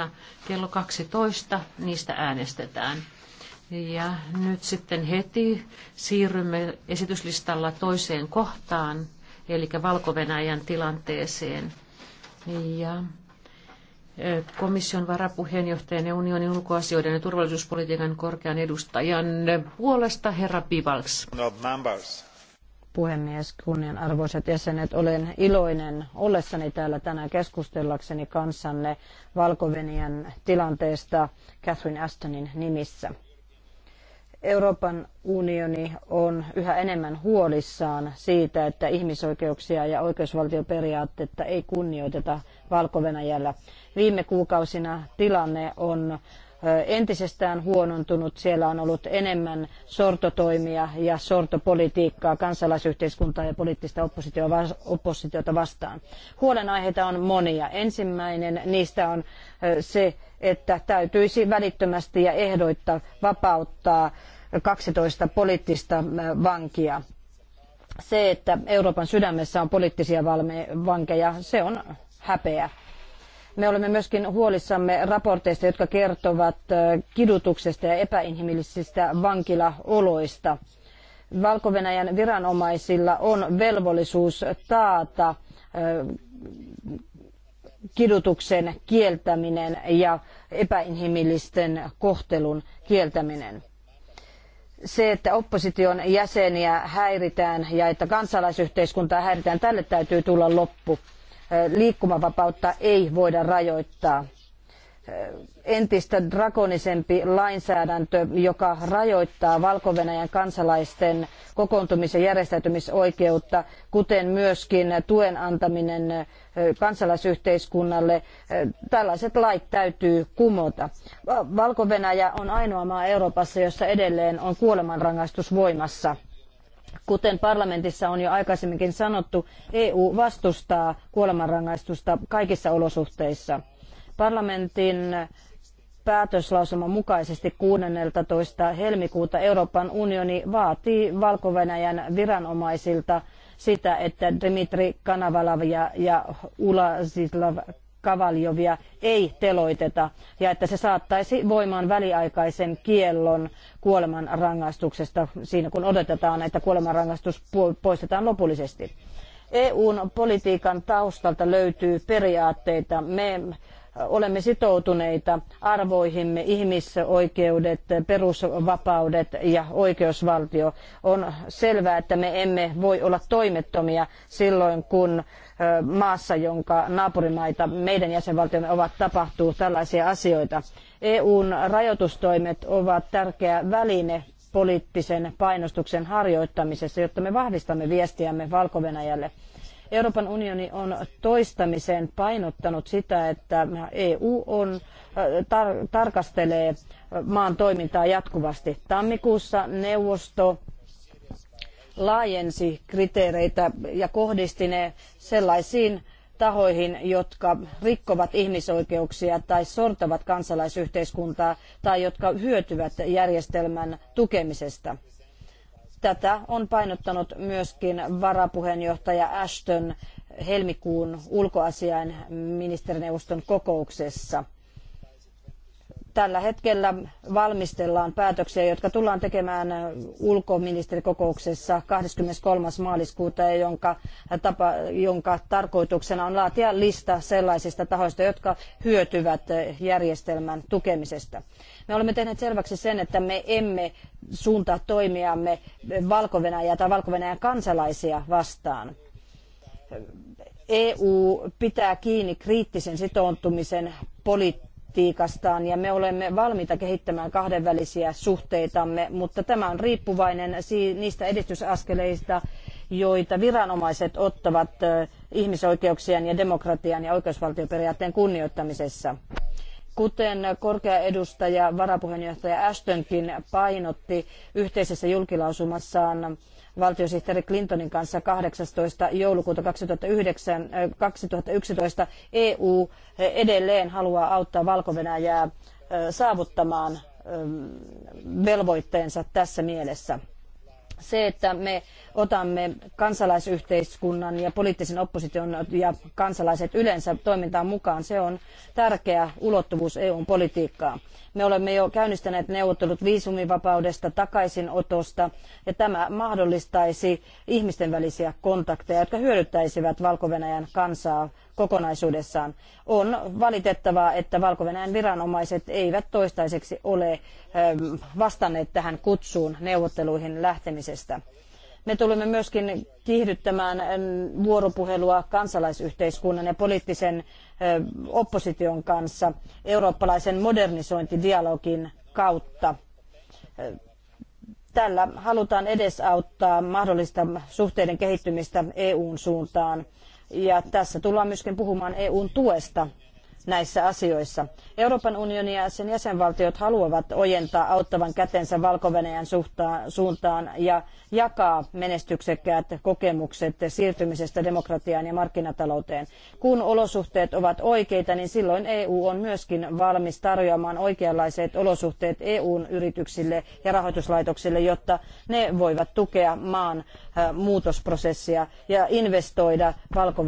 huomenna kello 12 niistä äänestetään. Ja nyt sitten heti siirrymme esityslistalla toiseen kohtaan, eli valko tilanteeseen. Ja komission varapuheenjohtajan ja unionin ulkoasioiden ja turvallisuuspolitiikan korkean edustajan puolesta herra Pivals. No, members puhemies, kunnianarvoiset jäsenet. Olen iloinen ollessani täällä tänään keskustellakseni kanssanne valko tilanteesta Catherine Astonin nimissä. Euroopan unioni on yhä enemmän huolissaan siitä, että ihmisoikeuksia ja oikeusvaltioperiaatetta ei kunnioiteta valko -Venäjällä. Viime kuukausina tilanne on entisestään huonontunut. Siellä on ollut enemmän sortotoimia ja sortopolitiikkaa kansalaisyhteiskuntaa ja poliittista oppositiota vastaan. Huolenaiheita on monia. Ensimmäinen niistä on se, että täytyisi välittömästi ja ehdoitta vapauttaa 12 poliittista vankia. Se, että Euroopan sydämessä on poliittisia vankeja, se on häpeä. Me olemme myöskin huolissamme raporteista, jotka kertovat kidutuksesta ja epäinhimillisistä vankilaoloista. valko viranomaisilla on velvollisuus taata kidutuksen kieltäminen ja epäinhimillisten kohtelun kieltäminen se, että opposition jäseniä häiritään ja että kansalaisyhteiskuntaa häiritään, tälle täytyy tulla loppu liikkumavapautta ei voida rajoittaa entistä drakonisempi lainsäädäntö, joka rajoittaa valko kansalaisten kokoontumis- ja järjestäytymisoikeutta, kuten myöskin tuen antaminen kansalaisyhteiskunnalle. Tällaiset lait täytyy kumota. valko on ainoa maa Euroopassa, jossa edelleen on kuolemanrangaistus voimassa Kuten parlamentissa on jo aikaisemminkin sanottu, EU vastustaa kuolemanrangaistusta kaikissa olosuhteissa. Parlamentin päätöslauselman mukaisesti 16. helmikuuta Euroopan unioni vaatii valko viranomaisilta sitä, että Dmitri Kanavalavia ja Ula Zitlav Kavaljovia ei teloiteta ja että se saattaisi voimaan väliaikaisen kiellon kuolemanrangaistuksesta siinä, kun odotetaan, että kuolemanrangaistus poistetaan lopullisesti. EUn politiikan taustalta löytyy periaatteita. Me olemme sitoutuneita arvoihimme, ihmisoikeudet, perusvapaudet ja oikeusvaltio. On selvää, että me emme voi olla toimettomia silloin, kun maassa, jonka naapurimaita meidän jäsenvaltiomme ovat, tapahtuu tällaisia asioita. EUn rajoitustoimet ovat tärkeä väline poliittisen painostuksen harjoittamisessa, jotta me vahvistamme viestiämme valko -Venäjälle. Euroopan unioni on toistamiseen painottanut sitä, että EU on, äh, tar- tarkastelee maan toimintaa jatkuvasti. Tammikuussa neuvosto laajensi kriteereitä ja kohdisti ne sellaisiin tahoihin, jotka rikkovat ihmisoikeuksia tai sortavat kansalaisyhteiskuntaa tai jotka hyötyvät järjestelmän tukemisesta. Tätä on painottanut myöskin varapuheenjohtaja Ashton helmikuun ulkoasiain ministerineuvoston kokouksessa tällä hetkellä valmistellaan päätöksiä, jotka tullaan tekemään ulkoministerikokouksessa 23. maaliskuuta, jonka, tapa, jonka tarkoituksena on laatia lista sellaisista tahoista, jotka hyötyvät järjestelmän tukemisesta. Me olemme tehneet selväksi sen, että me emme suuntaa toimiamme valko tai valko kansalaisia vastaan. EU pitää kiinni kriittisen sitoutumisen poliittisen politiikastaan ja me olemme valmiita kehittämään kahdenvälisiä suhteitamme, mutta tämä on riippuvainen niistä edistysaskeleista, joita viranomaiset ottavat ihmisoikeuksien ja demokratian ja oikeusvaltioperiaatteen kunnioittamisessa. Kuten korkea edustaja varapuheenjohtaja Ashtonkin painotti yhteisessä julkilausumassaan valtiosihteeri Clintonin kanssa 18. joulukuuta 2009, 2011 EU edelleen haluaa auttaa valko saavuttamaan velvoitteensa tässä mielessä se, että me otamme kansalaisyhteiskunnan ja poliittisen opposition ja kansalaiset yleensä toimintaan mukaan, se on tärkeä ulottuvuus EUn politiikkaa. Me olemme jo käynnistäneet neuvottelut viisumivapaudesta, takaisinotosta ja tämä mahdollistaisi ihmisten välisiä kontakteja, jotka hyödyttäisivät valko kansaa kokonaisuudessaan. On valitettavaa, että valko viranomaiset eivät toistaiseksi ole vastanneet tähän kutsuun neuvotteluihin lähtemisestä. Me tulemme myöskin kiihdyttämään vuoropuhelua kansalaisyhteiskunnan ja poliittisen opposition kanssa eurooppalaisen modernisointidialogin kautta. Tällä halutaan edesauttaa mahdollista suhteiden kehittymistä EUn suuntaan ja tässä tullaan myöskin puhumaan EUn tuesta näissä asioissa. Euroopan unioni ja sen jäsenvaltiot haluavat ojentaa auttavan kätensä valko suuntaan ja jakaa menestyksekkäät kokemukset siirtymisestä demokratiaan ja markkinatalouteen. Kun olosuhteet ovat oikeita, niin silloin EU on myöskin valmis tarjoamaan oikeanlaiset olosuhteet EUn yrityksille ja rahoituslaitoksille, jotta ne voivat tukea maan muutosprosessia ja investoida valko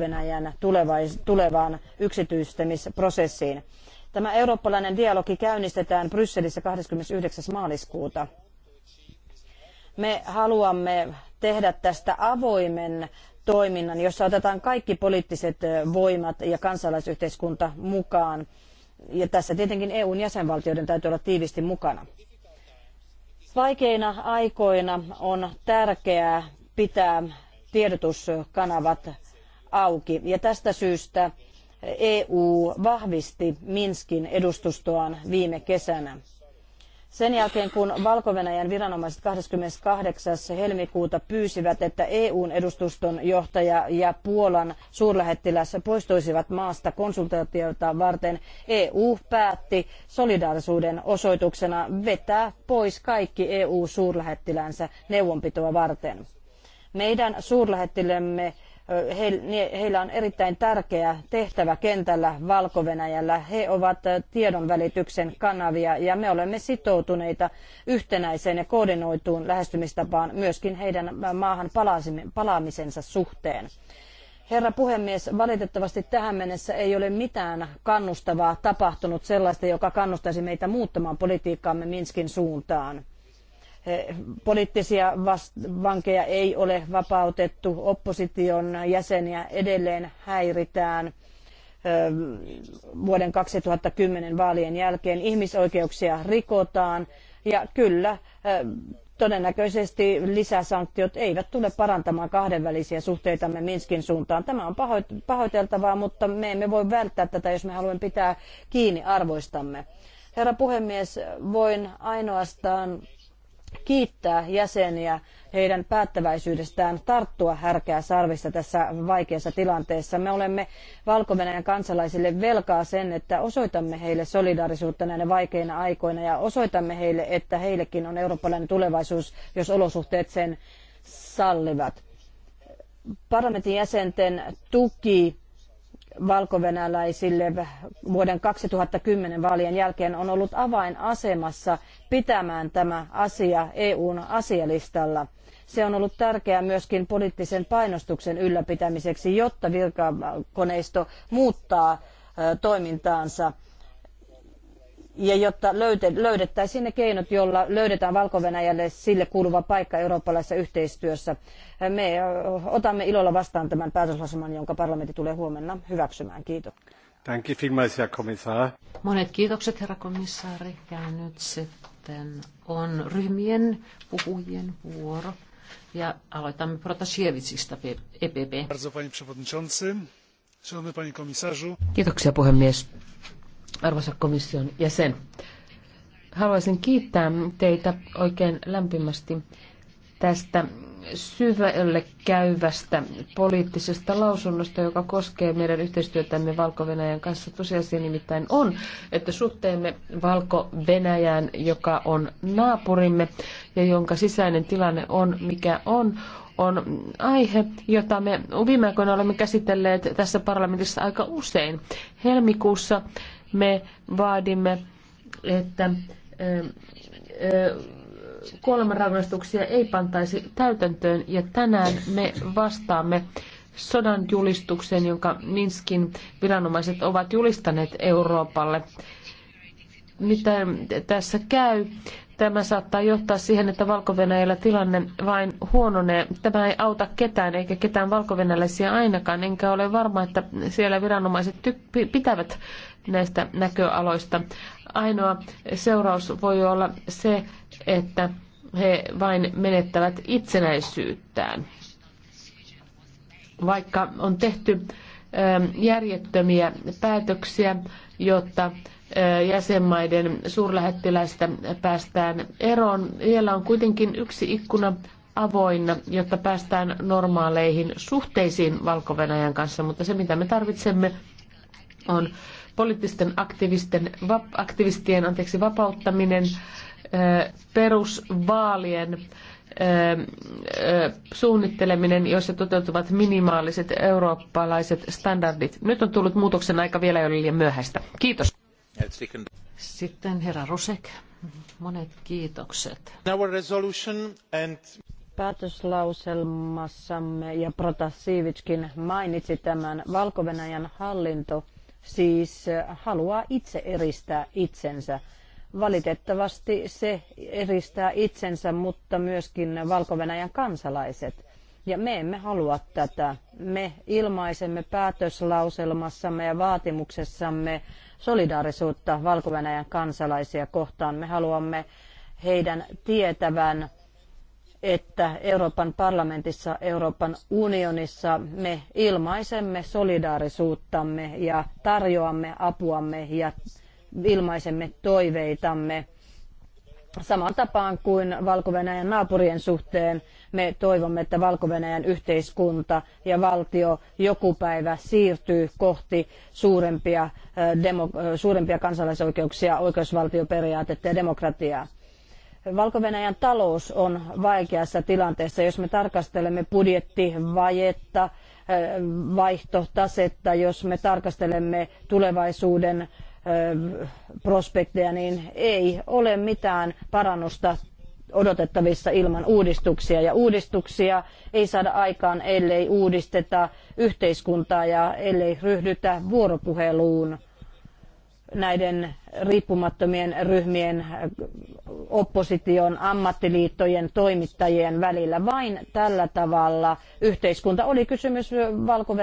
tulevaan yksityistämisprosessiin prosessiin. Tämä eurooppalainen dialogi käynnistetään Brysselissä 29. maaliskuuta. Me haluamme tehdä tästä avoimen toiminnan, jossa otetaan kaikki poliittiset voimat ja kansalaisyhteiskunta mukaan. Ja tässä tietenkin EUn jäsenvaltioiden täytyy olla tiivisti mukana. Vaikeina aikoina on tärkeää pitää tiedotuskanavat auki ja tästä syystä EU vahvisti Minskin edustustoaan viime kesänä. Sen jälkeen, kun valko viranomaiset 28. helmikuuta pyysivät, että EUn edustuston johtaja ja Puolan suurlähettiläs poistuisivat maasta konsultaatiota varten, EU päätti solidaarisuuden osoituksena vetää pois kaikki EU-suurlähettilänsä neuvonpitoa varten. Meidän suurlähettilemme heillä on erittäin tärkeä tehtävä kentällä valko -Venäjällä. He ovat tiedonvälityksen kanavia ja me olemme sitoutuneita yhtenäiseen ja koordinoituun lähestymistapaan myöskin heidän maahan palaamisensa suhteen. Herra puhemies, valitettavasti tähän mennessä ei ole mitään kannustavaa tapahtunut sellaista, joka kannustaisi meitä muuttamaan politiikkaamme Minskin suuntaan Eh, poliittisia vankeja ei ole vapautettu, opposition jäseniä edelleen häiritään eh, vuoden 2010 vaalien jälkeen, ihmisoikeuksia rikotaan ja kyllä eh, todennäköisesti lisäsanktiot eivät tule parantamaan kahdenvälisiä suhteitamme Minskin suuntaan. Tämä on pahoiteltavaa, mutta me emme voi välttää tätä, jos me haluamme pitää kiinni arvoistamme. Herra puhemies, voin ainoastaan kiittää jäseniä heidän päättäväisyydestään tarttua härkää sarvista tässä vaikeassa tilanteessa. Me olemme valko kansalaisille velkaa sen, että osoitamme heille solidaarisuutta näinä vaikeina aikoina ja osoitamme heille, että heillekin on eurooppalainen tulevaisuus, jos olosuhteet sen sallivat. Parlamentin jäsenten tuki valkovenäläisille vuoden 2010 vaalien jälkeen on ollut avainasemassa pitämään tämä asia EUn asialistalla. Se on ollut tärkeää myöskin poliittisen painostuksen ylläpitämiseksi, jotta virkakoneisto muuttaa toimintaansa ja jotta löydettäisiin ne keinot, joilla löydetään valko sille kuuluva paikka eurooppalaisessa yhteistyössä. Me otamme ilolla vastaan tämän päätöslauselman, jonka parlamentti tulee huomenna hyväksymään. Kiitos. Danke vielmals, Herr Kommissar. Monet kiitokset, herra komissaari. Ja nyt sitten on ryhmien puhujien vuoro. Ja aloitamme Protasiewicista, EPP. E przewodniczący, Kiitoksia, puhemies arvoisa komission jäsen. Haluaisin kiittää teitä oikein lämpimästi tästä syvälle käyvästä poliittisesta lausunnosta, joka koskee meidän yhteistyötämme valko kanssa. Tosiasia nimittäin on, että suhteemme Valko-Venäjään, joka on naapurimme ja jonka sisäinen tilanne on mikä on, on aihe, jota me viime aikoina olemme käsitelleet tässä parlamentissa aika usein. Helmikuussa me vaadimme, että kuolemanrangaistuksia ei pantaisi täytäntöön ja tänään me vastaamme sodan julistukseen, jonka Minskin viranomaiset ovat julistaneet Euroopalle. Mitä tässä käy? Tämä saattaa johtaa siihen, että valko tilanne vain huononee. Tämä ei auta ketään eikä ketään valko ainakaan, enkä ole varma, että siellä viranomaiset pitävät näistä näköaloista. Ainoa seuraus voi olla se, että he vain menettävät itsenäisyyttään. Vaikka on tehty ähm, järjettömiä päätöksiä, jotta jäsenmaiden suurlähettiläistä päästään eroon. Vielä on kuitenkin yksi ikkuna avoinna, jotta päästään normaaleihin suhteisiin valko kanssa, mutta se mitä me tarvitsemme on poliittisten aktivisten, vap, aktivistien anteeksi, vapauttaminen, perusvaalien suunnitteleminen, joissa toteutuvat minimaaliset eurooppalaiset standardit. Nyt on tullut muutoksen aika vielä jo liian myöhäistä. Kiitos. Sitten herra Rosek, monet kiitokset. Päätöslauselmassamme ja Protasiivitskin mainitsi tämän valko hallinto siis äh, haluaa itse eristää itsensä. Valitettavasti se eristää itsensä, mutta myöskin valko kansalaiset – ja me emme halua tätä. Me ilmaisemme päätöslauselmassamme ja vaatimuksessamme solidaarisuutta valko kansalaisia kohtaan. Me haluamme heidän tietävän, että Euroopan parlamentissa, Euroopan unionissa me ilmaisemme solidaarisuuttamme ja tarjoamme apuamme ja ilmaisemme toiveitamme – Samaan tapaan kuin valko naapurien suhteen me toivomme, että valko yhteiskunta ja valtio joku päivä siirtyy kohti suurempia, demo, suurempia kansalaisoikeuksia, oikeusvaltioperiaatetta ja demokratiaa. valko talous on vaikeassa tilanteessa, jos me tarkastelemme budjettivajetta, vaihtotasetta, jos me tarkastelemme tulevaisuuden Ähm, prospekteja, niin ei ole mitään parannusta odotettavissa ilman uudistuksia. Ja uudistuksia ei saada aikaan, ellei uudisteta yhteiskuntaa ja ellei ryhdytä vuoropuheluun näiden riippumattomien ryhmien, äh, opposition, ammattiliittojen, toimittajien välillä. Vain tällä tavalla yhteiskunta, oli kysymys valko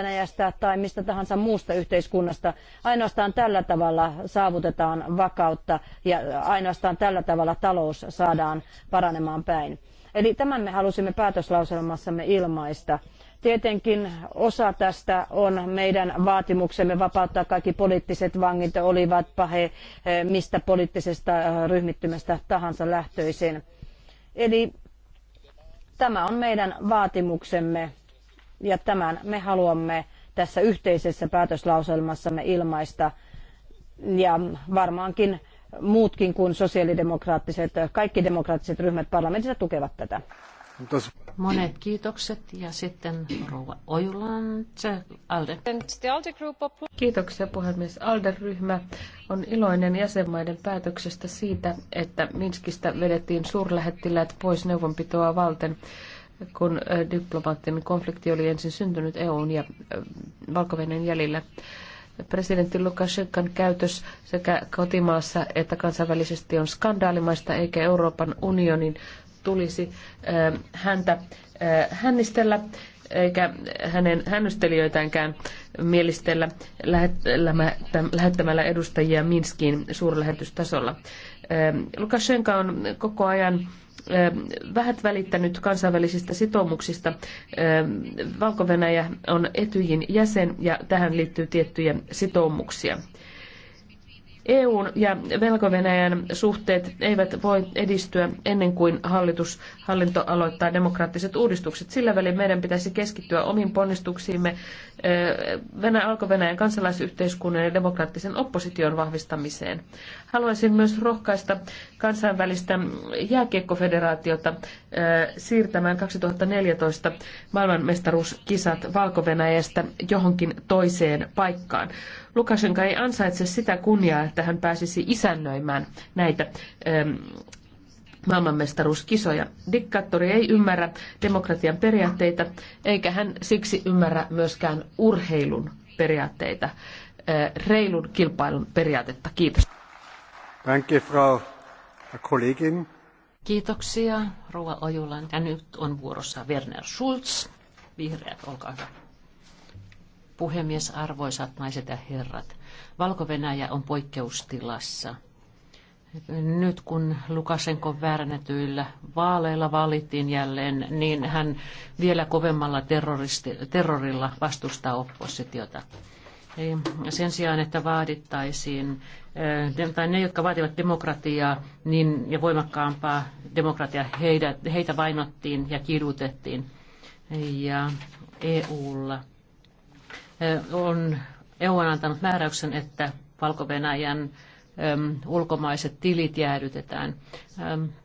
tai mistä tahansa muusta yhteiskunnasta, ainoastaan tällä tavalla saavutetaan vakautta ja ainoastaan tällä tavalla talous saadaan paranemaan päin. Eli tämän me halusimme päätöslauselmassamme ilmaista. Tietenkin osa tästä on meidän vaatimuksemme vapauttaa kaikki poliittiset vangit, olivatpa he eh, mistä poliittisesta eh, ryhmittymästä tahansa lähtöisin. Eli tämä on meidän vaatimuksemme ja tämän me haluamme tässä yhteisessä päätöslauselmassamme ilmaista ja varmaankin muutkin kuin sosiaalidemokraattiset, kaikki demokraattiset ryhmät parlamentissa tukevat tätä. Monet kiitokset ja sitten Rouva ALDE. Kiitoksia puhemies. ALDE-ryhmä on iloinen jäsenmaiden päätöksestä siitä, että Minskistä vedettiin suurlähettiläät pois neuvonpitoa valten kun diplomaattinen konflikti oli ensin syntynyt EUn ja valko jäljillä. Presidentti Lukashenkan käytös sekä kotimaassa että kansainvälisesti on skandaalimaista, eikä Euroopan unionin tulisi häntä hännistellä eikä hänen hännystelijöitäänkään mielistellä lähettämällä edustajia Minskiin suurlähetystasolla. Lukashenka on koko ajan vähät välittänyt kansainvälisistä sitoumuksista. valko on Etyjin jäsen ja tähän liittyy tiettyjä sitoumuksia. EUn ja velko suhteet eivät voi edistyä ennen kuin hallitus, hallinto aloittaa demokraattiset uudistukset. Sillä välin meidän pitäisi keskittyä omiin ponnistuksiimme Venä, Alko-Venäjän kansalaisyhteiskunnan ja demokraattisen opposition vahvistamiseen. Haluaisin myös rohkaista kansainvälistä jääkiekkofederaatiota siirtämään 2014 maailmanmestaruuskisat valko johonkin toiseen paikkaan. Lukashenka ei ansaitse sitä kunniaa, että hän pääsisi isännöimään näitä maailmanmestaruuskisoja. Diktaattori ei ymmärrä demokratian periaatteita, eikä hän siksi ymmärrä myöskään urheilun periaatteita, reilun kilpailun periaatetta. Kiitos. Danke, Frau Kollegin. Kiitoksia, Rouva Ojulan. Ja nyt on vuorossa Werner Schulz. Vihreät, olkaa hyvä. Puhemies, arvoisat naiset ja herrat. Valko-Venäjä on poikkeustilassa. Nyt kun Lukasenko väärännetyillä vaaleilla valittiin jälleen, niin hän vielä kovemmalla terrorilla vastustaa oppositiota sen sijaan, että vaadittaisiin, tai ne, jotka vaativat demokratiaa niin, ja voimakkaampaa demokratiaa, heidät, heitä vainottiin ja kidutettiin. Ja EUlla on, EU on antanut määräyksen, että Valko-Venäjän ulkomaiset tilit jäädytetään.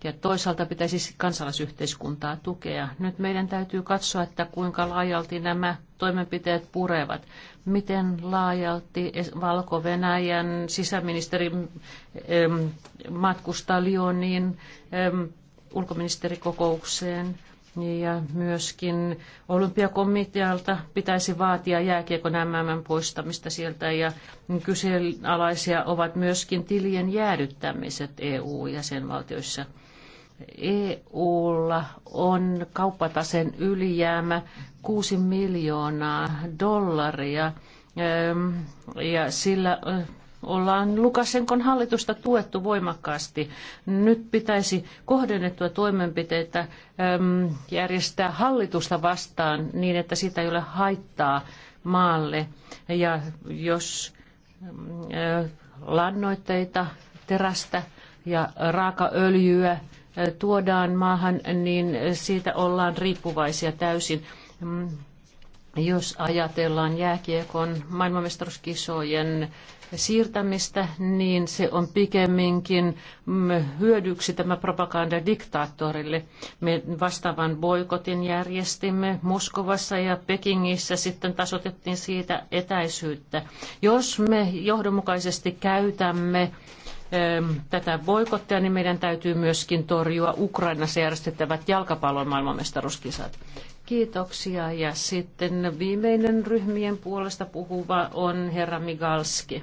Ja toisaalta pitäisi siis kansalaisyhteiskuntaa tukea. Nyt meidän täytyy katsoa, että kuinka laajalti nämä toimenpiteet purevat. Miten laajalti Valko-Venäjän sisäministeri matkustaa Lioniin ulkoministerikokoukseen – ja myöskin olympiakomitealta pitäisi vaatia jääkiekon MM poistamista sieltä ja kyseenalaisia ovat myöskin tilien jäädyttämiset EU-jäsenvaltioissa. EUlla on kauppatasen ylijäämä 6 miljoonaa dollaria ja sillä ollaan Lukasenkon hallitusta tuettu voimakkaasti. Nyt pitäisi kohdennettua toimenpiteitä järjestää hallitusta vastaan niin, että siitä ei ole haittaa maalle. Ja jos lannoitteita, terästä ja raakaöljyä tuodaan maahan, niin siitä ollaan riippuvaisia täysin. Jos ajatellaan jääkiekon maailmanmestaruuskisojen siirtämistä, niin se on pikemminkin mm, hyödyksi tämä propaganda diktaattorille. Me vastaavan boikotin järjestimme Moskovassa ja Pekingissä sitten tasotettiin siitä etäisyyttä. Jos me johdonmukaisesti käytämme tätä boikottia, niin meidän täytyy myöskin torjua Ukrainassa järjestettävät jalkapallon maailmanmestaruuskisat. Kiitoksia. Ja sitten viimeinen ryhmien puolesta puhuva on herra Migalski.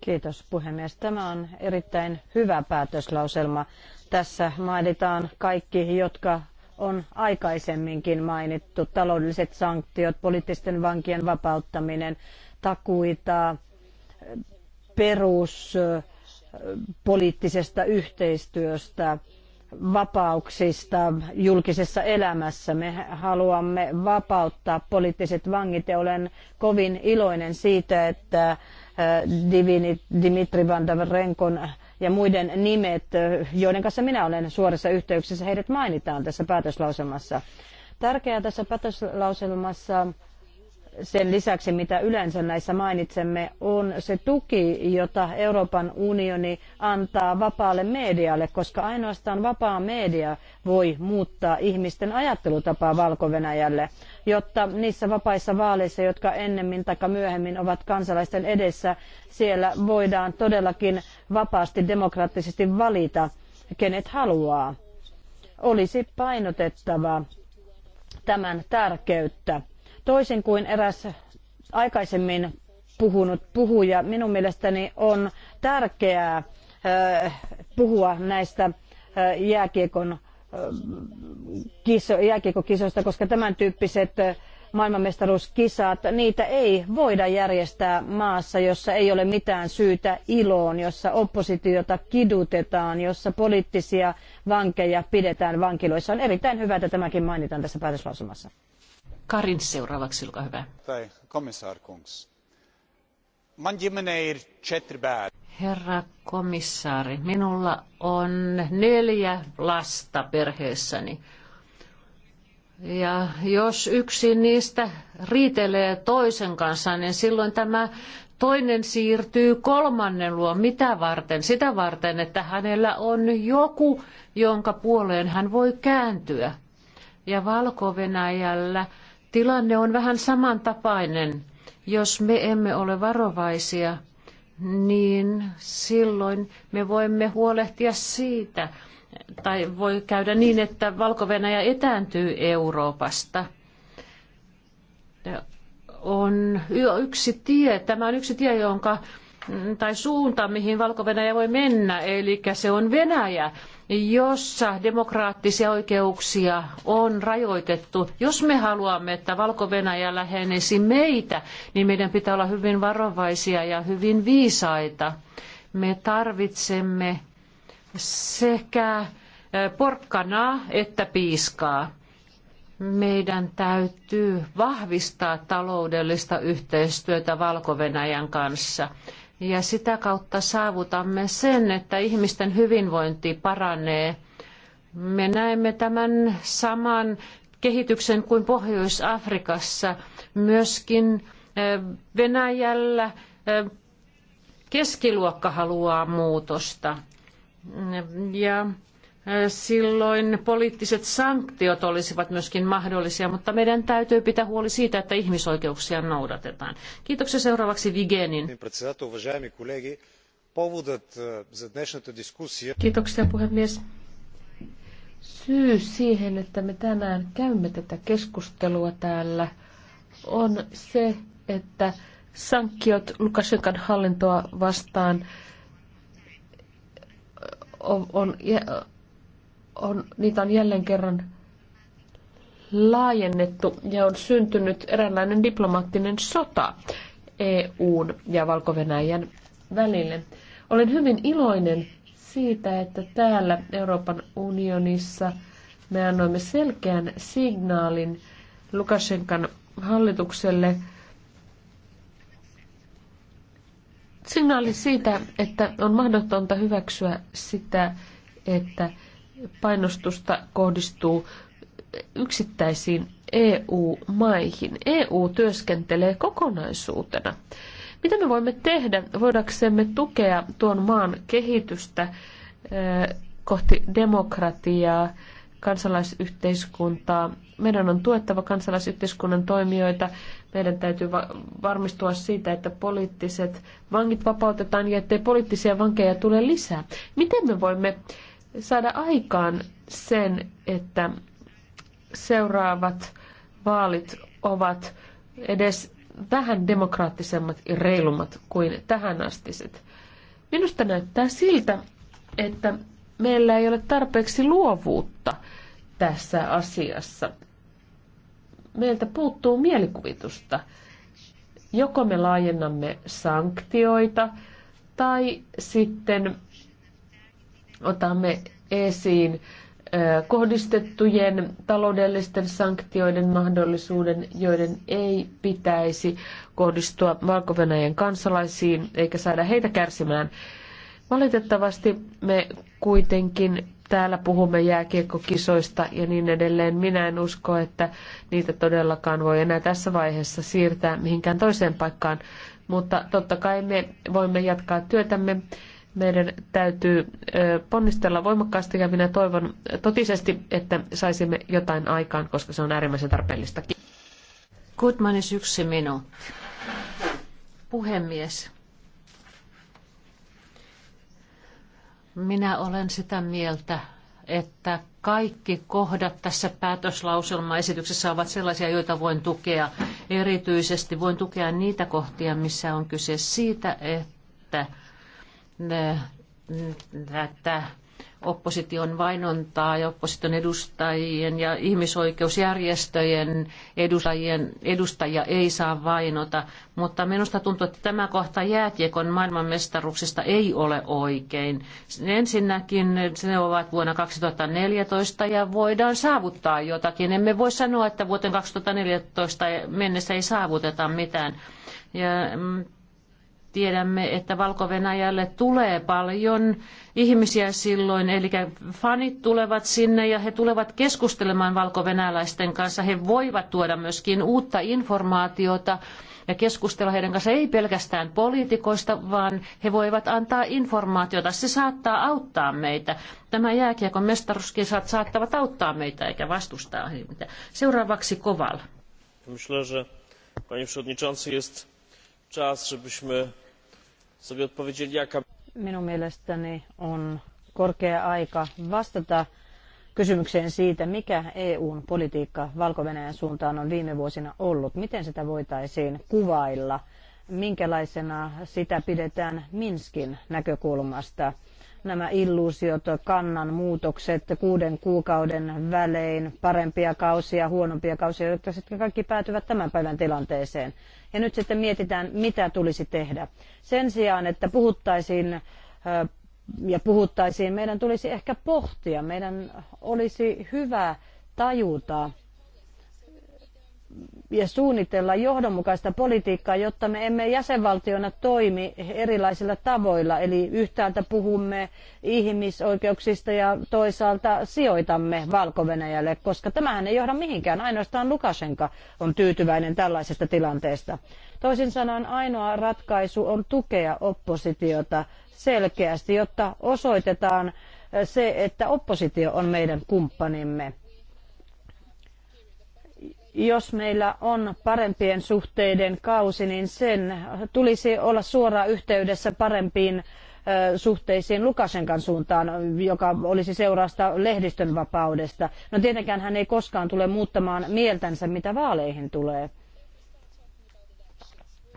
Kiitos puhemies. Tämä on erittäin hyvä päätöslauselma. Tässä mainitaan kaikki, jotka on aikaisemminkin mainittu. Taloudelliset sanktiot, poliittisten vankien vapauttaminen, takuita, peruspoliittisesta yhteistyöstä, vapauksista julkisessa elämässä. Me haluamme vapauttaa poliittiset vangit ja olen kovin iloinen siitä, että äh, Dimitri Vandavrenkon ja muiden nimet, äh, joiden kanssa minä olen suorassa yhteyksessä, heidät mainitaan tässä päätöslauselmassa. Tärkeää tässä päätöslauselmassa sen lisäksi, mitä yleensä näissä mainitsemme, on se tuki, jota Euroopan unioni antaa vapaalle medialle, koska ainoastaan vapaa media voi muuttaa ihmisten ajattelutapaa valko jotta niissä vapaissa vaaleissa, jotka ennemmin tai myöhemmin ovat kansalaisten edessä, siellä voidaan todellakin vapaasti demokraattisesti valita, kenet haluaa. Olisi painotettava tämän tärkeyttä Toisin kuin eräs aikaisemmin puhunut puhuja, minun mielestäni on tärkeää puhua näistä jääkiekon kiso, jääkiekokisoista, koska tämän tyyppiset maailmanmestaruuskisat, niitä ei voida järjestää maassa, jossa ei ole mitään syytä iloon, jossa oppositiota kidutetaan, jossa poliittisia vankeja pidetään vankiloissa. On erittäin hyvä, että tämäkin mainitaan tässä päätöslausumassa. Karin seuraavaksi, olkaa hyvä. Tai Herra komissaari, minulla on neljä lasta perheessäni. Ja jos yksi niistä riitelee toisen kanssa, niin silloin tämä toinen siirtyy kolmannen luo. Mitä varten? Sitä varten, että hänellä on joku, jonka puoleen hän voi kääntyä. Ja Valko-Venäjällä Tilanne on vähän samantapainen. Jos me emme ole varovaisia, niin silloin me voimme huolehtia siitä, tai voi käydä niin, että valko etääntyy Euroopasta. On yksi tie, tämä on yksi tie, jonka tai suunta, mihin valko voi mennä, eli se on Venäjä jossa demokraattisia oikeuksia on rajoitettu. Jos me haluamme, että Valko-Venäjä lähenisi meitä, niin meidän pitää olla hyvin varovaisia ja hyvin viisaita. Me tarvitsemme sekä porkkanaa että piiskaa. Meidän täytyy vahvistaa taloudellista yhteistyötä valko kanssa ja sitä kautta saavutamme sen, että ihmisten hyvinvointi paranee. Me näemme tämän saman kehityksen kuin Pohjois-Afrikassa, myöskin Venäjällä keskiluokka haluaa muutosta. Ja silloin poliittiset sanktiot olisivat myöskin mahdollisia, mutta meidän täytyy pitää huoli siitä, että ihmisoikeuksia noudatetaan. Kiitoksia seuraavaksi Vigenin. Kiitoksia puhemies. Syy siihen, että me tänään käymme tätä keskustelua täällä, on se, että sanktiot Lukashenkan hallintoa vastaan on, on on, niitä on jälleen kerran laajennettu ja on syntynyt eräänlainen diplomaattinen sota EUn ja valko välille. Olen hyvin iloinen siitä, että täällä Euroopan unionissa me annoimme selkeän signaalin Lukashenkan hallitukselle signaali siitä, että on mahdotonta hyväksyä sitä, että painostusta kohdistuu yksittäisiin EU-maihin. EU työskentelee kokonaisuutena. Mitä me voimme tehdä voidaksemme tukea tuon maan kehitystä eh, kohti demokratiaa, kansalaisyhteiskuntaa? Meidän on tuettava kansalaisyhteiskunnan toimijoita. Meidän täytyy varmistua siitä, että poliittiset vangit vapautetaan ja ettei poliittisia vankeja tule lisää. Miten me voimme saada aikaan sen, että seuraavat vaalit ovat edes vähän demokraattisemmat ja reilummat kuin tähän tähänastiset. Minusta näyttää siltä, että meillä ei ole tarpeeksi luovuutta tässä asiassa. Meiltä puuttuu mielikuvitusta. Joko me laajennamme sanktioita tai sitten otamme esiin kohdistettujen taloudellisten sanktioiden mahdollisuuden, joiden ei pitäisi kohdistua valko kansalaisiin eikä saada heitä kärsimään. Valitettavasti me kuitenkin täällä puhumme jääkiekkokisoista ja niin edelleen. Minä en usko, että niitä todellakaan voi enää tässä vaiheessa siirtää mihinkään toiseen paikkaan, mutta totta kai me voimme jatkaa työtämme meidän täytyy ponnistella voimakkaasti ja minä toivon totisesti, että saisimme jotain aikaan, koska se on äärimmäisen tarpeellista. Goodmanis yksi minuutti. Puhemies. Minä olen sitä mieltä, että kaikki kohdat tässä päätöslauselmaesityksessä ovat sellaisia, joita voin tukea. Erityisesti voin tukea niitä kohtia, missä on kyse siitä, että Äh, tätä opposition vainontaa ja opposition edustajien ja ihmisoikeusjärjestöjen edustajien edustajia ei saa vainota. Mutta minusta tuntuu, että tämä kohta jääkiekon maailmanmestaruuksista ei ole oikein. Ensinnäkin ne ovat vuonna 2014 ja voidaan saavuttaa jotakin. Emme voi sanoa, että vuoteen 2014 mennessä ei saavuteta mitään. Ja, mm, tiedämme, että valko tulee paljon ihmisiä silloin, eli fanit tulevat sinne ja he tulevat keskustelemaan valko kanssa. He voivat tuoda myöskin uutta informaatiota ja keskustella heidän kanssa ei pelkästään poliitikoista, vaan he voivat antaa informaatiota. Se saattaa auttaa meitä. Tämä jääkiekon mestaruuskisat saattavat auttaa meitä eikä vastustaa heitä. Seuraavaksi Koval. Myślę, że panie przewodniczący jest czas, żebyśmy sobie odpowiedzieli, jaka... Minun mielestäni on korkea aika vastata kysymykseen siitä, mikä EUn politiikka valko suuntaan on viime vuosina ollut. Miten sitä voitaisiin kuvailla? Minkälaisena sitä pidetään Minskin näkökulmasta? nämä illuusiot, kannan muutokset, kuuden kuukauden välein, parempia kausia, huonompia kausia, jotka sitten kaikki päätyvät tämän päivän tilanteeseen. Ja nyt sitten mietitään, mitä tulisi tehdä. Sen sijaan, että puhuttaisiin ja puhuttaisiin, meidän tulisi ehkä pohtia, meidän olisi hyvä tajuta, ja suunnitella johdonmukaista politiikkaa, jotta me emme jäsenvaltiona toimi erilaisilla tavoilla. Eli yhtäältä puhumme ihmisoikeuksista ja toisaalta sijoitamme valko koska tämähän ei johda mihinkään. Ainoastaan Lukashenka on tyytyväinen tällaisesta tilanteesta. Toisin sanoen ainoa ratkaisu on tukea oppositiota selkeästi, jotta osoitetaan se, että oppositio on meidän kumppanimme jos meillä on parempien suhteiden kausi, niin sen tulisi olla suoraan yhteydessä parempiin suhteisiin Lukashenkan suuntaan, joka olisi seurausta lehdistön vapaudesta. No tietenkään hän ei koskaan tule muuttamaan mieltänsä, mitä vaaleihin tulee.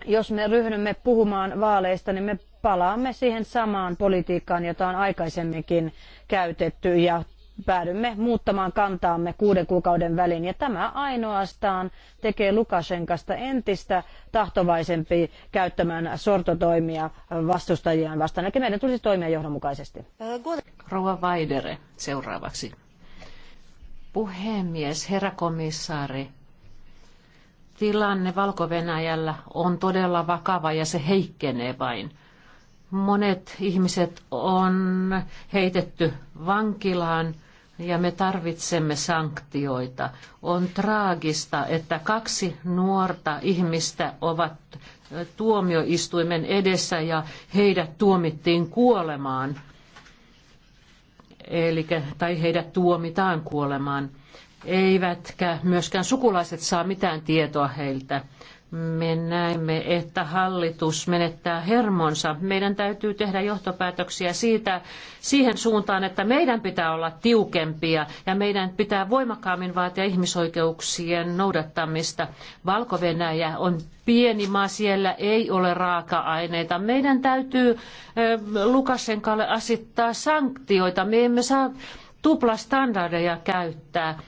Jos me ryhdymme puhumaan vaaleista, niin me palaamme siihen samaan politiikkaan, jota on aikaisemminkin käytetty ja päädymme muuttamaan kantaamme kuuden kuukauden välin. Ja tämä ainoastaan tekee Lukashenkasta entistä tahtovaisempi käyttämään sortotoimia vastustajiaan vastaan. Eli meidän tulisi toimia johdonmukaisesti. Rouva Vaidere seuraavaksi. Puhemies, herra komissaari, tilanne valko on todella vakava ja se heikkenee vain. Monet ihmiset on heitetty vankilaan ja me tarvitsemme sanktioita. On traagista, että kaksi nuorta ihmistä ovat tuomioistuimen edessä ja heidät tuomittiin kuolemaan. Eli, tai heidät tuomitaan kuolemaan. Eivätkä myöskään sukulaiset saa mitään tietoa heiltä me näemme, että hallitus menettää hermonsa. Meidän täytyy tehdä johtopäätöksiä siitä, siihen suuntaan, että meidän pitää olla tiukempia ja meidän pitää voimakkaammin vaatia ihmisoikeuksien noudattamista. valko on pieni maa, siellä ei ole raaka-aineita. Meidän täytyy Lukasenkalle asittaa sanktioita. Me emme saa tuplastandardeja käyttää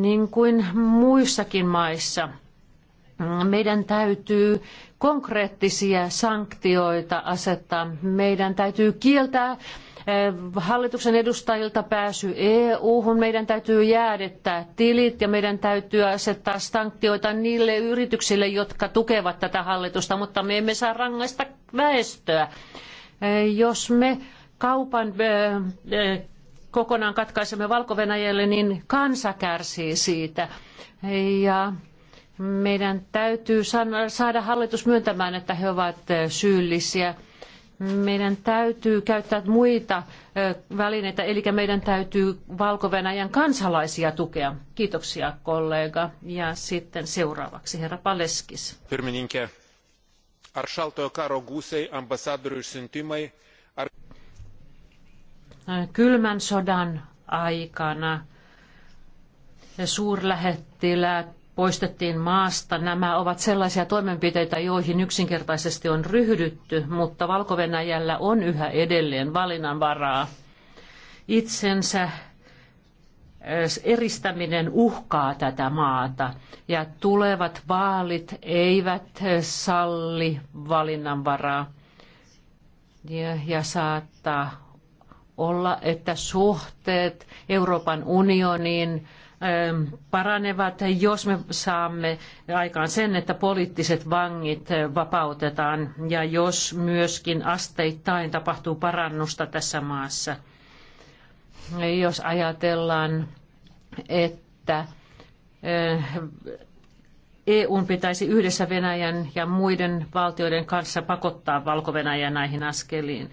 niin kuin muissakin maissa – Mm, meidän täytyy konkreettisia sanktioita asettaa. Meidän täytyy kieltää eh, hallituksen edustajilta pääsy EU-hun. Meidän täytyy jäädettää tilit ja meidän täytyy asettaa sanktioita niille yrityksille, jotka tukevat tätä hallitusta, mutta me emme saa rangaista väestöä. Eh, jos me kaupan eh, kokonaan katkaisemme valko niin kansa kärsii siitä. Ja meidän täytyy saada hallitus myöntämään, että he ovat syyllisiä. Meidän täytyy käyttää muita välineitä, eli meidän täytyy valko kansalaisia tukea. Kiitoksia kollega. Ja sitten seuraavaksi herra Paleskis. Kylmän sodan aikana suurlähettiläät poistettiin maasta. Nämä ovat sellaisia toimenpiteitä, joihin yksinkertaisesti on ryhdytty, mutta valko on yhä edelleen valinnanvaraa. Itsensä eh, eristäminen uhkaa tätä maata ja tulevat vaalit eivät eh, salli valinnanvaraa ja, ja saattaa olla, että suhteet Euroopan unioniin Ähm, paranevat, jos me saamme aikaan sen, että poliittiset vangit äh, vapautetaan ja jos myöskin asteittain tapahtuu parannusta tässä maassa. Jos ajatellaan, että äh, EUn pitäisi yhdessä Venäjän ja muiden valtioiden kanssa pakottaa valko näihin askeliin.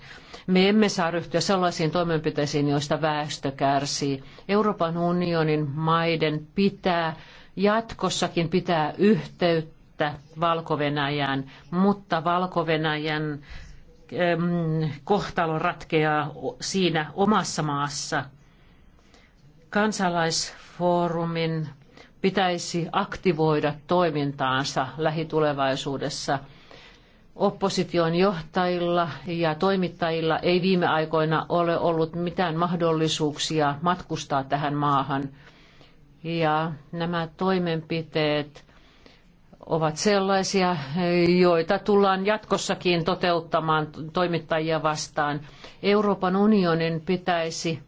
Me emme saa ryhtyä sellaisiin toimenpiteisiin, joista väestö kärsii. Euroopan unionin maiden pitää jatkossakin pitää yhteyttä valko mutta valko kohtalo ratkeaa siinä omassa maassa. Kansalaisfoorumin pitäisi aktivoida toimintaansa lähitulevaisuudessa. Opposition johtajilla ja toimittajilla ei viime aikoina ole ollut mitään mahdollisuuksia matkustaa tähän maahan. Ja nämä toimenpiteet ovat sellaisia, joita tullaan jatkossakin toteuttamaan toimittajia vastaan. Euroopan unionin pitäisi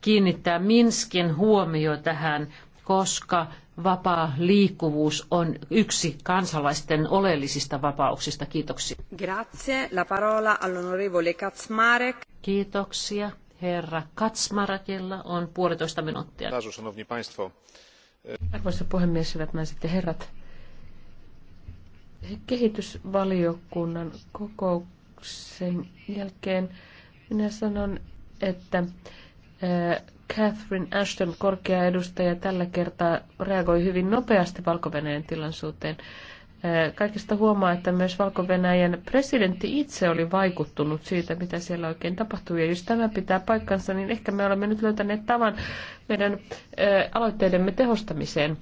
kiinnittää Minskin huomio tähän koska vapaa liikkuvuus on yksi kansalaisten oleellisista vapauksista. Kiitoksia. Grazie. La parola all'onorevole Kaczmarek. Kiitoksia. Herra Kaczmarakilla on puolitoista minuuttia. Arvoisa puhemies, hyvät naiset ja herrat. Kehitysvaliokunnan kokouksen jälkeen minä sanon, että Catherine Ashton, korkea edustaja, tällä kertaa reagoi hyvin nopeasti valko tilaisuuteen. Kaikesta huomaa, että myös valko presidentti itse oli vaikuttunut siitä, mitä siellä oikein tapahtui Ja jos tämä pitää paikkansa, niin ehkä me olemme nyt löytäneet tavan meidän aloitteidemme tehostamiseen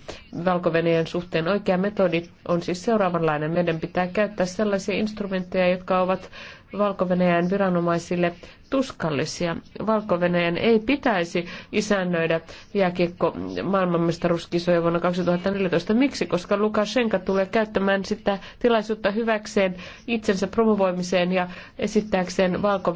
valko suhteen. Oikea metodi on siis seuraavanlainen. Meidän pitää käyttää sellaisia instrumentteja, jotka ovat valko viranomaisille tuskallisia. valko ei pitäisi isännöidä jääkiekko maailmanmestaruuskisoja vuonna 2014. Miksi? Koska Lukashenka tulee käyttämään sitä tilaisuutta hyväkseen itsensä promovoimiseen ja esittääkseen valko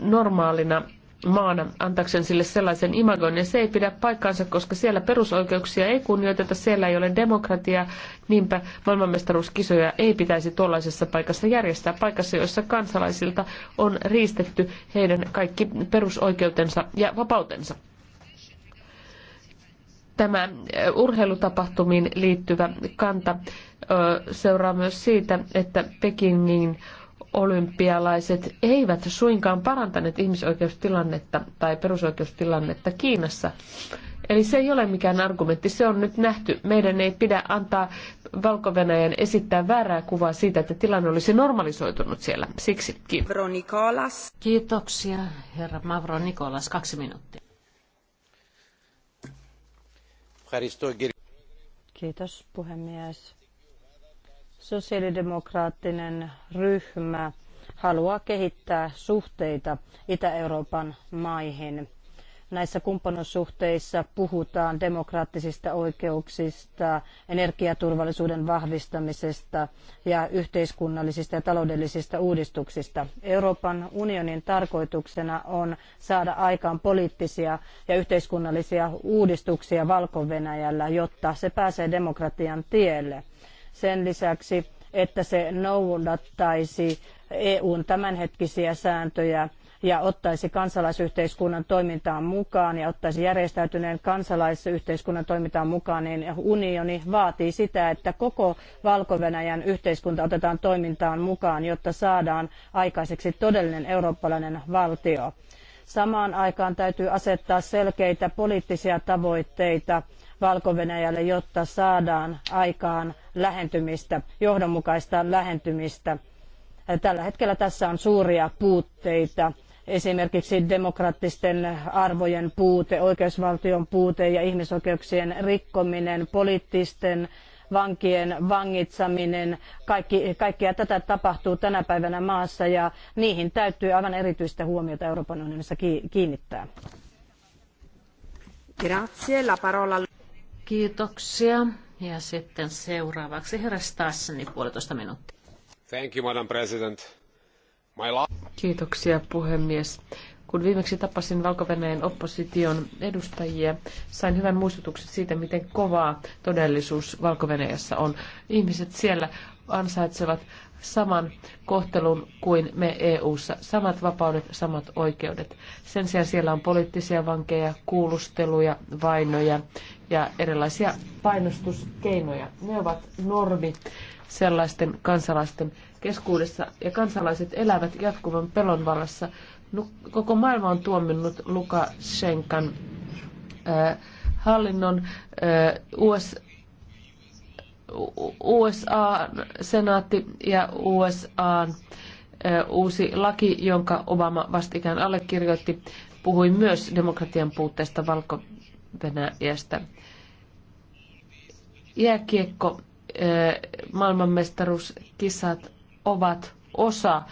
normaalina maana antakseen sille sellaisen imagon, ja se ei pidä paikkaansa, koska siellä perusoikeuksia ei kunnioiteta, siellä ei ole demokratiaa, niinpä maailmanmestaruuskisoja ei pitäisi tuollaisessa paikassa järjestää, paikassa, jossa kansalaisilta on riistetty heidän kaikki perusoikeutensa ja vapautensa tämä eh, urheilutapahtumiin liittyvä kanta seuraa myös siitä, että Pekingin olympialaiset eivät suinkaan parantaneet ihmisoikeustilannetta tai perusoikeustilannetta Kiinassa. Eli se ei ole mikään argumentti, se on nyt nähty. Meidän ei pidä antaa valko esittää väärää kuvaa siitä, että tilanne olisi normalisoitunut siellä. Siksi kiitos. Kiitoksia, herra Mavro Nikolas. Kaksi minuuttia. Kiitos, puhemies. Sosiaalidemokraattinen ryhmä haluaa kehittää suhteita Itä-Euroopan maihin. Näissä kumppanuussuhteissa puhutaan demokraattisista oikeuksista, energiaturvallisuuden vahvistamisesta ja yhteiskunnallisista ja taloudellisista uudistuksista. Euroopan unionin tarkoituksena on saada aikaan poliittisia ja yhteiskunnallisia uudistuksia Valko-Venäjällä, jotta se pääsee demokratian tielle sen lisäksi, että se noudattaisi EUn tämänhetkisiä sääntöjä ja ottaisi kansalaisyhteiskunnan toimintaan mukaan ja ottaisi järjestäytyneen kansalaisyhteiskunnan toimintaan mukaan, niin unioni vaatii sitä, että koko valko yhteiskunta otetaan toimintaan mukaan, jotta saadaan aikaiseksi todellinen eurooppalainen valtio. Samaan aikaan täytyy asettaa selkeitä poliittisia tavoitteita valko jotta saadaan aikaan lähentymistä, johdonmukaista lähentymistä. Tällä hetkellä tässä on suuria puutteita esimerkiksi demokraattisten arvojen puute, oikeusvaltion puute ja ihmisoikeuksien rikkominen, poliittisten vankien vangitsaminen, kaikki, kaikkea tätä tapahtuu tänä päivänä maassa ja niihin täytyy aivan erityistä huomiota Euroopan unionissa kiinnittää. Grazie, la parola. Kiitoksia. Ja sitten seuraavaksi herra Stassani puolitoista minuuttia. Thank you, Madam President. My la- Kiitoksia puhemies. Kun viimeksi tapasin valko opposition edustajia, sain hyvän muistutuksen siitä, miten kovaa todellisuus valko on. Ihmiset siellä ansaitsevat saman kohtelun kuin me EU:ssa, samat vapaudet, samat oikeudet. Sen sijaan siellä on poliittisia vankeja, kuulusteluja, vainoja ja erilaisia painostuskeinoja. Ne ovat normi sellaisten kansalaisten keskuudessa ja kansalaiset elävät jatkuvan pelon vallassa. Koko maailma on tuominnut Lukashenkan äh, hallinnon äh, US, USA senaatti ja USA uusi laki, jonka Obama vastikään allekirjoitti, puhui myös demokratian puutteesta Valko- Venäjästä. Jääkiekko maailmanmestaruuskisat ovat osa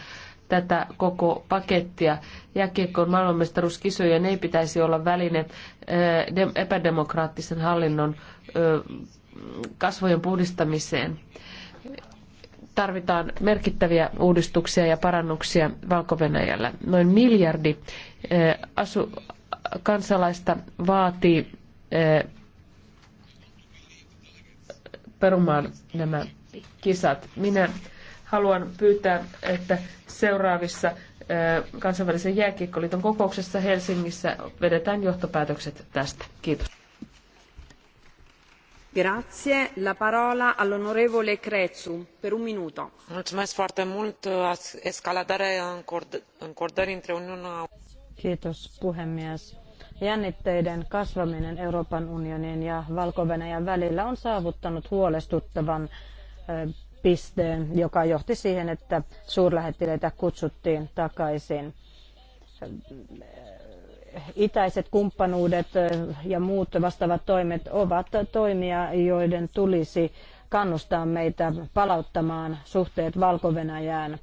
tätä koko pakettia. Jääkiekkoon maailmanmestaruuskisojen ei pitäisi olla väline epädemokraattisen hallinnon kasvojen puhdistamiseen. Tarvitaan merkittäviä uudistuksia ja parannuksia valko -Venäjällä. Noin miljardi asu, kansalaista vaati eh, perumaan nämä kisat. Minä haluan pyytää, että seuraavissa eh, kansainvälisen jääkiekkoliiton kokouksessa Helsingissä vedetään johtopäätökset tästä. Kiitos. Grazie. La parola all'onorevole Crețu per un minuto. Mulțumesc foarte mult. Escaladarea încordării între Uniunea Kiitos puhemies. Jännitteiden kasvaminen Euroopan unionin ja valko välillä on saavuttanut huolestuttavan pisteen, joka johti siihen, että suurlähettiläitä kutsuttiin takaisin. Itäiset kumppanuudet ja muut vastaavat toimet ovat toimia, joiden tulisi kannustaa meitä palauttamaan suhteet valko -Venäjään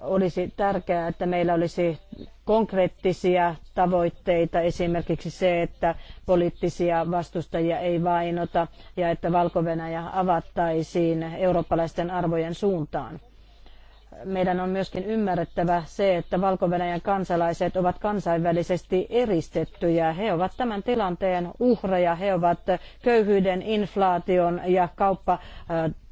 olisi tärkeää, että meillä olisi konkreettisia tavoitteita, esimerkiksi se, että poliittisia vastustajia ei vainota ja että valko avattaisiin eurooppalaisten arvojen suuntaan. Meidän on myöskin ymmärrettävä se, että valko kansalaiset ovat kansainvälisesti eristettyjä. He ovat tämän tilanteen uhreja, he ovat köyhyyden, inflaation ja kauppa äh,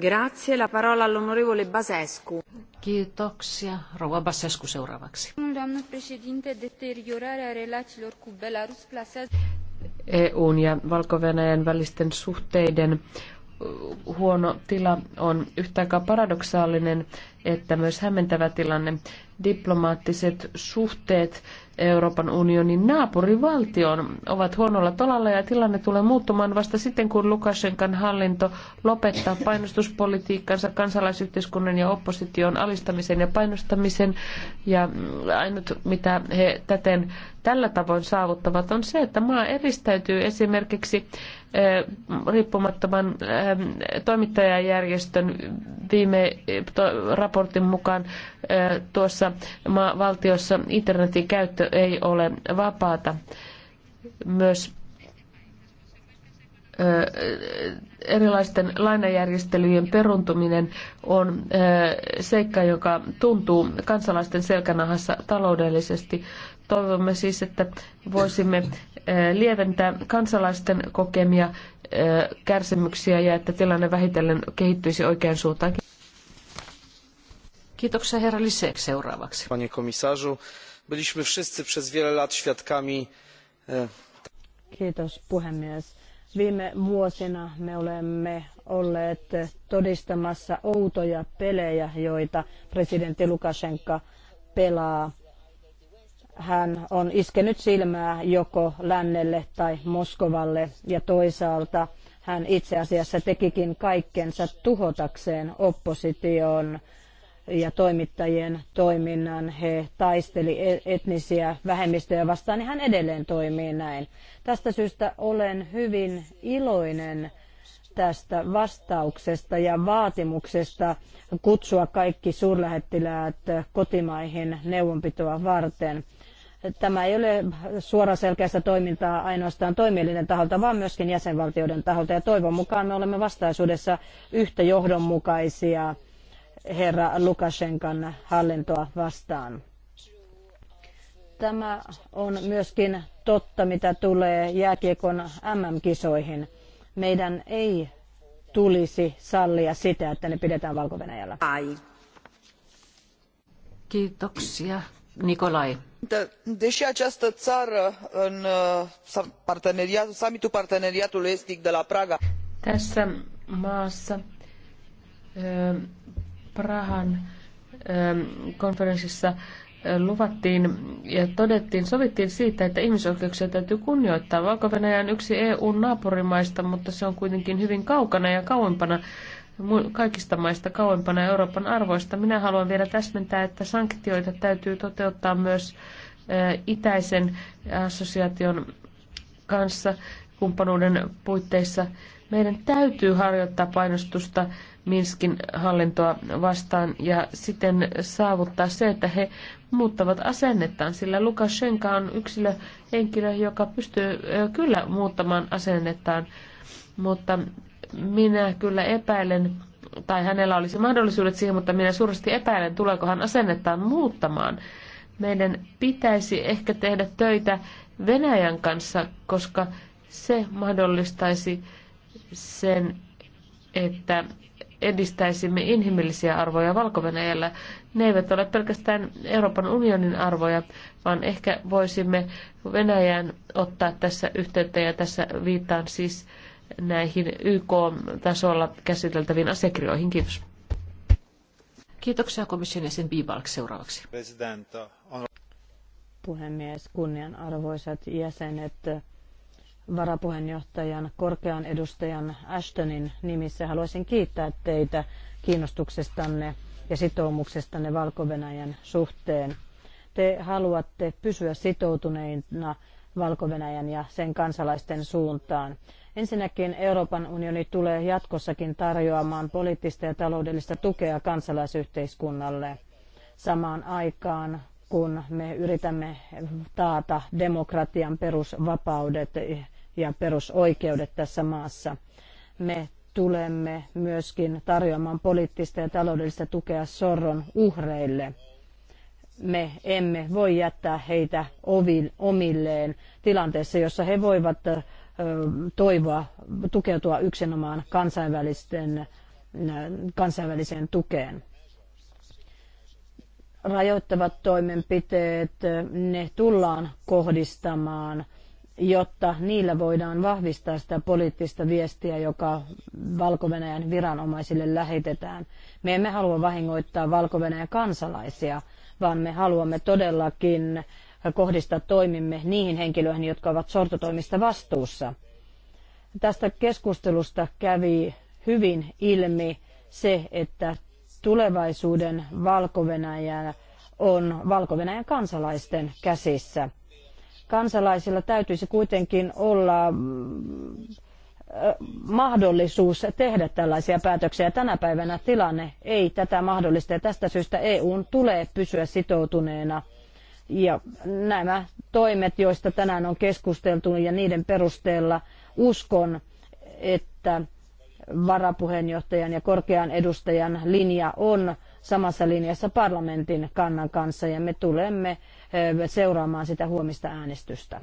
Rouva Doamnă președinte, deteriorarea relațiilor cu Belarus plasează... EUn ja valko välisten suhteiden uh, huono tila on yhtä aikaa paradoksaalinen, että myös hämmentävä tilanne diplomaattiset suhteet Euroopan unionin naapurivaltioon ovat huonolla tolalla ja tilanne tulee muuttumaan vasta sitten, kun Lukashenkan hallinto lopettaa painostuspolitiikkansa kansalaisyhteiskunnan ja opposition alistamisen ja painostamisen. Ja ainut, mitä he täten tällä tavoin saavuttavat, on se, että maa eristäytyy esimerkiksi riippumattoman toimittajajärjestön viime raportin mukaan tuossa valtiossa internetin käyttö ei ole vapaata. Myös erilaisten lainajärjestelyjen peruntuminen on seikka, joka tuntuu kansalaisten selkänahassa taloudellisesti. Toivomme siis, että voisimme lieventää kansalaisten kokemia kärsimyksiä ja että tilanne vähitellen kehittyisi oikeaan suuntaan. Kiitoksia herra Lisek seuraavaksi. Panie komisarzu, byliśmy wszyscy przez wiele lat świadkami... E, Kiitos puhemies. Viime vuosina me olemme olleet todistamassa outoja pelejä, joita presidentti Lukashenka pelaa hän on iskenyt silmää joko lännelle tai Moskovalle ja toisaalta hän itse asiassa tekikin kaikkensa tuhotakseen opposition ja toimittajien toiminnan. He taisteli e- etnisiä vähemmistöjä vastaan niin hän edelleen toimii näin. Tästä syystä olen hyvin iloinen tästä vastauksesta ja vaatimuksesta kutsua kaikki suurlähettiläät kotimaihin neuvonpitoa varten. Tämä ei ole suora selkeästä toimintaa ainoastaan toimielinen taholta, vaan myöskin jäsenvaltioiden taholta. Ja toivon mukaan me olemme vastaisuudessa yhtä johdonmukaisia herra Lukashenkan hallintoa vastaan. Tämä on myöskin totta, mitä tulee jääkiekon MM-kisoihin. Meidän ei tulisi sallia sitä, että ne pidetään valko -Venäjällä. Kiitoksia. Nikolai dei această ară în uh, summitul parteneriatului estic de la praga tässä maassa prahan konferenssissa uh, luvattiin ja todettiin, sovittiin siitä, että ihmisoikeuksia täytyy kunnioittaa. valko on yksi EU-naapurimaista, mutta se on kuitenkin hyvin kaukana ja kauempana kaikista maista kauempana Euroopan arvoista. Minä haluan vielä täsmentää, että sanktioita täytyy toteuttaa myös eh, itäisen assosiaation kanssa kumppanuuden puitteissa. Meidän täytyy harjoittaa painostusta Minskin hallintoa vastaan ja siten saavuttaa se, että he muuttavat asennettaan, sillä Lukashenka on yksilö, henkilö, joka pystyy eh, kyllä muuttamaan asennettaan, mutta minä kyllä epäilen, tai hänellä olisi mahdollisuudet siihen, mutta minä suuresti epäilen, tuleeko hän asennettaan muuttamaan. Meidän pitäisi ehkä tehdä töitä Venäjän kanssa, koska se mahdollistaisi sen, että edistäisimme inhimillisiä arvoja valko -Venäjällä. Ne eivät ole pelkästään Euroopan unionin arvoja, vaan ehkä voisimme Venäjään ottaa tässä yhteyttä ja tässä viittaan siis äh, näihin YK-tasolla käsiteltäviin asiakirjoihin. Kiitos. Kiitoksia komission jäsen Bibalk seuraavaksi. Puhemies, kunnianarvoisat jäsenet, varapuheenjohtajan, korkean edustajan Ashtonin nimissä haluaisin kiittää teitä kiinnostuksestanne ja sitoumuksestanne valko suhteen. Te haluatte pysyä sitoutuneina valko ja sen kansalaisten suuntaan. Ensinnäkin Euroopan unioni tulee jatkossakin tarjoamaan poliittista ja taloudellista tukea kansalaisyhteiskunnalle samaan aikaan, kun me yritämme taata demokratian perusvapaudet ja perusoikeudet tässä maassa. Me tulemme myöskin tarjoamaan poliittista ja taloudellista tukea sorron uhreille me emme voi jättää heitä omilleen tilanteessa, jossa he voivat toivoa, tukeutua yksinomaan kansainvälisten, kansainväliseen tukeen. Rajoittavat toimenpiteet, ne tullaan kohdistamaan – jotta niillä voidaan vahvistaa sitä poliittista viestiä, joka valko viranomaisille lähetetään. Me emme halua vahingoittaa valko kansalaisia, vaan me haluamme todellakin kohdistaa toimimme niihin henkilöihin, jotka ovat sortotoimista vastuussa. Tästä keskustelusta kävi hyvin ilmi se, että tulevaisuuden valko on valko kansalaisten käsissä – kansalaisilla täytyisi kuitenkin olla mm, mahdollisuus tehdä tällaisia päätöksiä. Tänä päivänä tilanne ei tätä mahdollista ja tästä syystä EUn tulee pysyä sitoutuneena. Ja nämä toimet, joista tänään on keskusteltu ja niiden perusteella uskon, että varapuheenjohtajan ja korkean edustajan linja on samassa linjassa parlamentin kannan kanssa ja me tulemme seuraamaan sitä huomista äänestystä.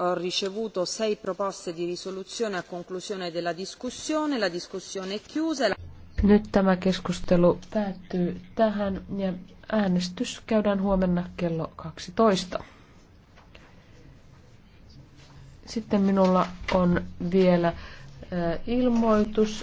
Ho ricevuto sei proposte di risoluzione a conclusione della discussione. La discussione è chiusa. E Nyt tämä keskustelu päättyy tähän ja äänestys käydään huomenna kello 12. Sitten minulla on vielä ilmoitus